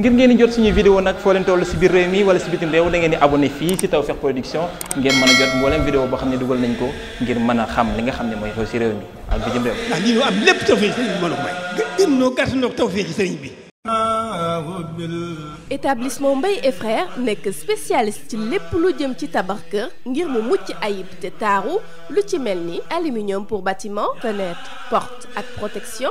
ngir ngeen jot suñu vidéo nag foo leen toll si biir réew mi wala si bitim réew da ngeen di abonné fii si Tawfekh Production ngeen mën a jot mboolem vidéo boo xam ne dugal nañ ko ngir mën a xam li nga xam ne mooy xew si réew mi ak bitim réew. ndax lii ñu am lépp tawfeex sëriñ bi mën a ko may. gën noo gàtt noo tawfeex sëriñ bi. établissement Mbaye et nekk spécialiste ci lépp lu jëm ci tabax kër ngir mu mucc ayib te taaru lu ci mel ni aluminium pour bâtiment fenêtre porte ak protection.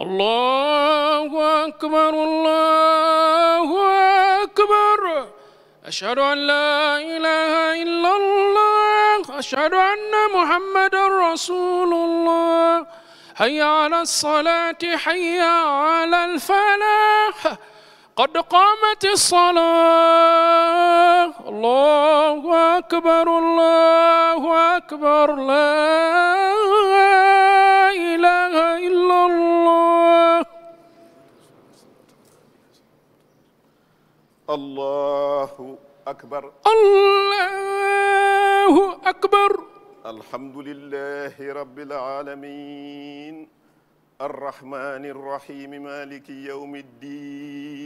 allahu akbar allahu akbar ashhadu an la ilaha illa allah ashhadu anna muhammadan rasulullah hayya ala salati hayya ala al falah قد قامت الصلاة الله أكبر الله أكبر لا إله إلا الله الله أكبر الله أكبر الحمد لله رب العالمين الرحمن الرحيم مالك يوم الدين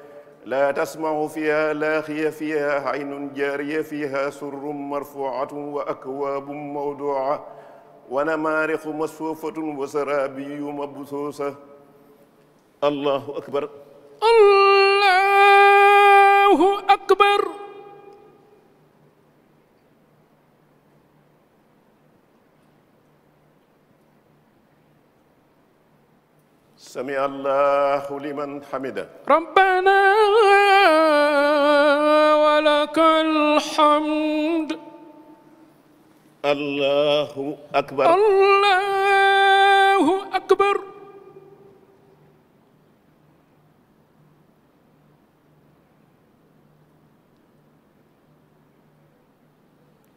laa tasmau fiha laaxiya fiha aynun jaariya fiha surrun marfuatun wa akwaabun mawduuca wa namaariqu masfuufatun wa saraabiyu mabsuusa allahu akbar sami allahu liman hamida rabbana walakal hamd allahu akbar allahu akbar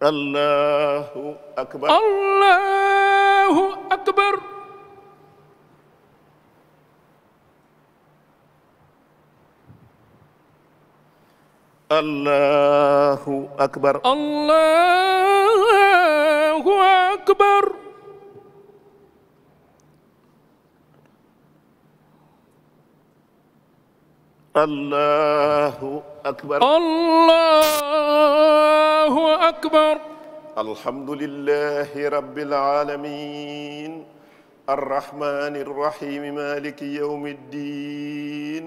allahu akbar allahu akbar allahu akbar allahu akbar allahu akbar allahu akbar alhamdulillahi rabbil alamin arrahmani rrahimi maliki yawmi ddin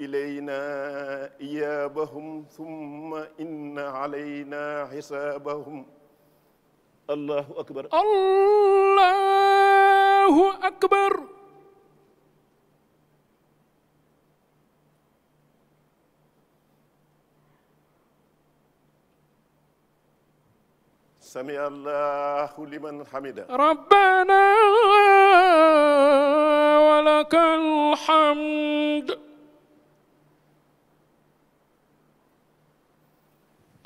إلينا إيابهم ثم إن علينا حسابهم الله أكبر الله أكبر سمع الله لمن حمده ربنا ولك الحمد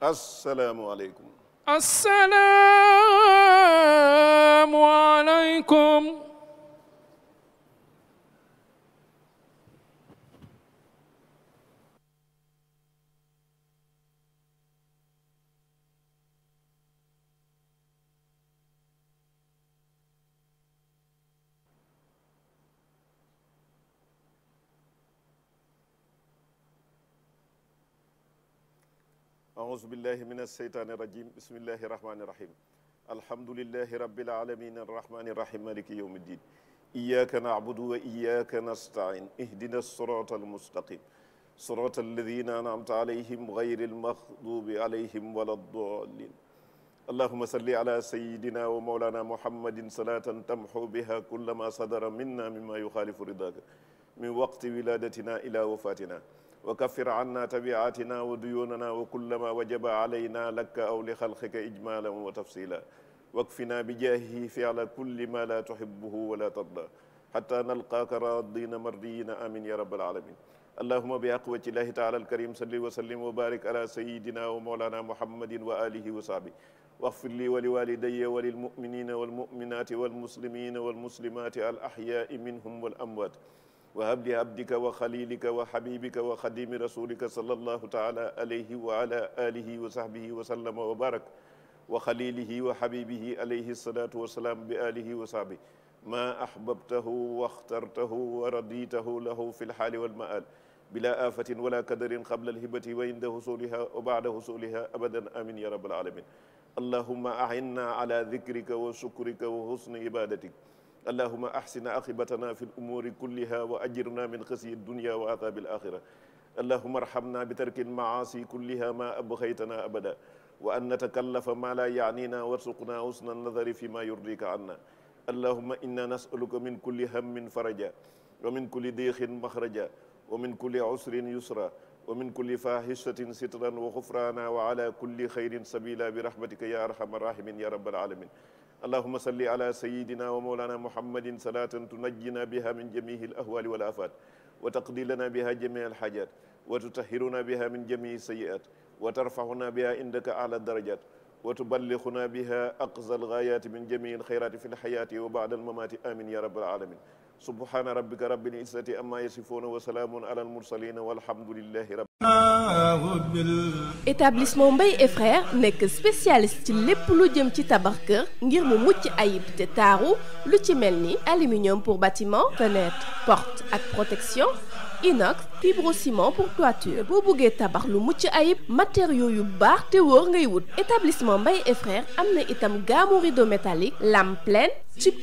asalaamualeykum. asalaamualeykum. aousubillahi min alsheytaani irajim bismillahi irahmani irahim alhamdulilahi rabbil alamin arrahmani irrahim maliki yawmi ddin iyyaka na'budu wa iyyaka nasta'in ihdina sirata almustaqim sirata alladhina an'amta alayhim ghayri almaghdubi alayhim wala ddallin allahuma salli ala sayidina wa mawlana muhammadin salatan tamhu biha kulla ma sadara minna mima yukhalifu ridaka min waqti wiladatina ila wafatina وكفر عنا تبعاتنا وديوننا وكل ما وجب علينا لك أو لخلقك إجمالا وتفصيلا واكفنا بجاهه فعل كل ما لا تحبه ولا ترضى حتى نلقاك راضين مرضين آمين يا رب العالمين اللهم بأقوة الله تعالى الكريم صل وسلم وبارك على سيدنا ومولانا محمد وآله وصحبه واغفر لي ولوالدي وللمؤمنين والمؤمنات والمسلمين والمسلمات الأحياء منهم والأموات wa habli abdika wa xalilika wa xabibika wa xadimi rasulika sallallahu taala alayhi wa ala alihi wa sahbihi wa sallama wa barak wa xalilihi wa xabibihi alayhi salatu wa salaam bi alihi wa sahbi ma ahbabtahu wa axtartahu wa raditahu lahu fi lxaali walmaal bila afatin wala kadarin qabla alhibati wa inda husuliha wa bada husuliha abadan amin ya rabbal alamin allahumma ainna ala dikrika wa shukrika wa husni ibadatik allahuma ahsin aqibatana fi lumuuri kulliha wa ajirna min xasyi dunia wa athaabi alaxira allahuma arhamna bi tarki almaasi kulliha ma abxaytana abada wa an natakallafa ma la yaanina warsuqna husna nadari fi ma yurdika anna allahuma inna nasaluka min kulli hammin faraja wa min kulli diixin maxraja wa min kulli usrin yusra wa min kulli fahishatin sitran wa xufrana wa ala kulli xayrin sabila bi rahmatika ya arhamar rahimin ya rabbal alamin allahuma salli ala sayidina wa mawlana muhammadin salatan tunajjina biha min jamihi al ahwali wal afat wa taqdi lana biha jamii al hajat wa tutahhiruna biha min jamii sayiat wa tarfahuna biha indaka ala darajat wa tuballighuna biha aqsa al ghayati min jamii al khayrati fi al hayati wa ba'da al mamati amin ya rabbal alamin subhaana rabbika rabbil izzati amma yasifuuna wa salaamun alal mursaliina walhamdulillahi rabbi établissement Mbaye et frères nekk spécialiste ci lépp lu jëm ci tabax kër ngir mu mucc ayib te taaru lu ci mel ni aluminium pour bâtiment fenêtre porte ak protection inox fibrociment pour toiture boo bëggee tabax lu mucc ayib matériaux yu baax te wóor ngay wut établissement Mbaye et frères am na itam gaamu rideau métallique lame pleine tube